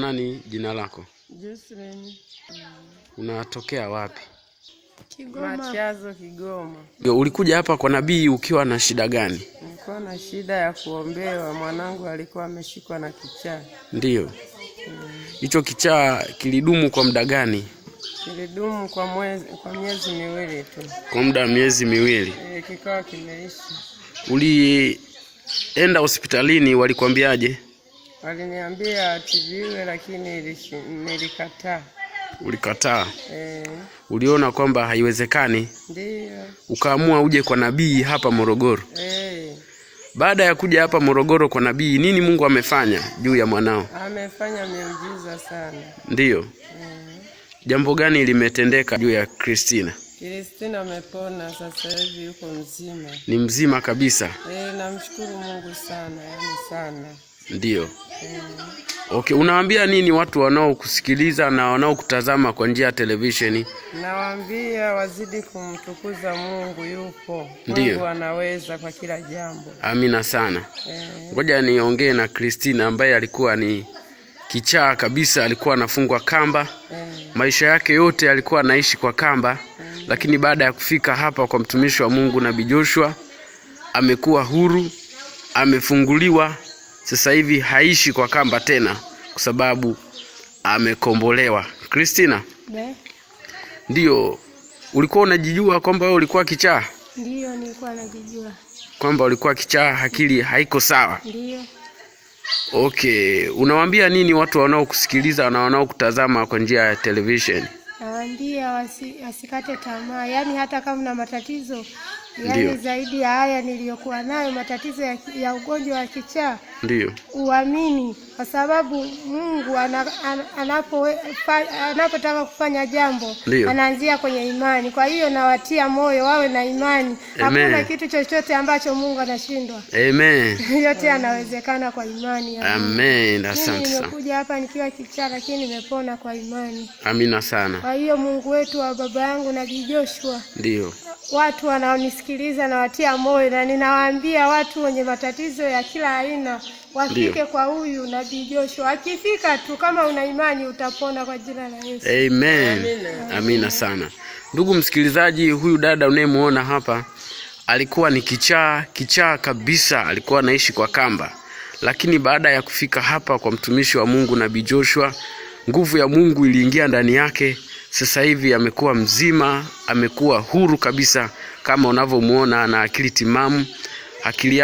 Nani jina lako? Jocelyn. Unatokea wapi? Kigoma. Machazo, Kigoma. Ulikuja hapa kwa nabii ukiwa na shida gani? Nilikuwa na shida ya kuombewa, mwanangu alikuwa ameshikwa na kichaa. ndio hmm. Hicho mm. kichaa kilidumu kwa muda gani? Kilidumu kwa mwezi, kwa miezi miwili tu. Kwa muda wa miezi miwili. E, eh, kikawa kimeisha. Ulienda hospitalini walikwambiaje? Waliniambia atibiwe lakini nilikataa. Ulikataa? eh? Uliona kwamba haiwezekani? Ndio. Ukaamua uje kwa nabii hapa Morogoro? eh. Baada ya kuja hapa Morogoro kwa nabii, nini Mungu amefanya juu ya mwanao? Amefanya miujiza sana. Ndiyo. eh. Jambo gani limetendeka juu ya Kristina? Kristina amepona sasa hivi, yuko mzima. Ni mzima kabisa. eh, namshukuru Mungu sana, yani sana. Ndio. Okay, unawaambia nini watu wanaokusikiliza na wanaokutazama kwa njia ya televisheni? Nawaambia wazidi kumtukuza Mungu, yupo. Ndio. Mungu anaweza kwa kila jambo. Amina sana. Eh. Ngoja e, niongee na Christina ambaye alikuwa ni kichaa kabisa, alikuwa anafungwa kamba e. Maisha yake yote alikuwa anaishi kwa kamba e. Lakini baada ya kufika hapa kwa mtumishi wa Mungu Nabii Joshua amekuwa huru, amefunguliwa sasa hivi haishi kwa kamba tena kwa sababu amekombolewa. kristina ndio ulikuwa unajijua kwamba wewe ulikuwa kichaa? nilikuwa najijua kwamba ulikuwa kichaa, akili haiko sawa. Ndiyo. Okay, unawaambia nini watu wanaokusikiliza na wanaokutazama kwa njia ya televisheni? wasi, wasikate tamaa, yaani hata kama na matatizo yaani zaidi ya haya niliyokuwa nayo, matatizo ya, ya ugonjwa wa kichaa, ndio uamini, kwa sababu Mungu anapotaka kufanya jambo Dio. anaanzia kwenye imani. Kwa hiyo nawatia moyo wawe na imani, hakuna kitu chochote ambacho Mungu anashindwa. Amen. yote anawezekana kwa imani. Amen. Asante sana. Nimekuja hapa nikiwa kichaa, lakini nimepona kwa imani. Amina sana. Kwa hiyo Mungu wetu wa baba yangu na Joshua, ndio watu wanaonisikiliza nawatia moyo, na ninawaambia watu wenye matatizo ya kila aina wafike kwa huyu Nabii Joshua. Akifika tu, kama una imani utapona kwa jina la Yesu. Amen. Amina, amina sana ndugu msikilizaji. Huyu dada unayemwona hapa alikuwa ni kichaa kichaa kabisa, alikuwa anaishi kwa kamba, lakini baada ya kufika hapa kwa mtumishi wa Mungu Nabii Joshua, nguvu ya Mungu iliingia ndani yake sasa hivi amekuwa mzima, amekuwa huru kabisa kama unavyomuona, na akili timamu akili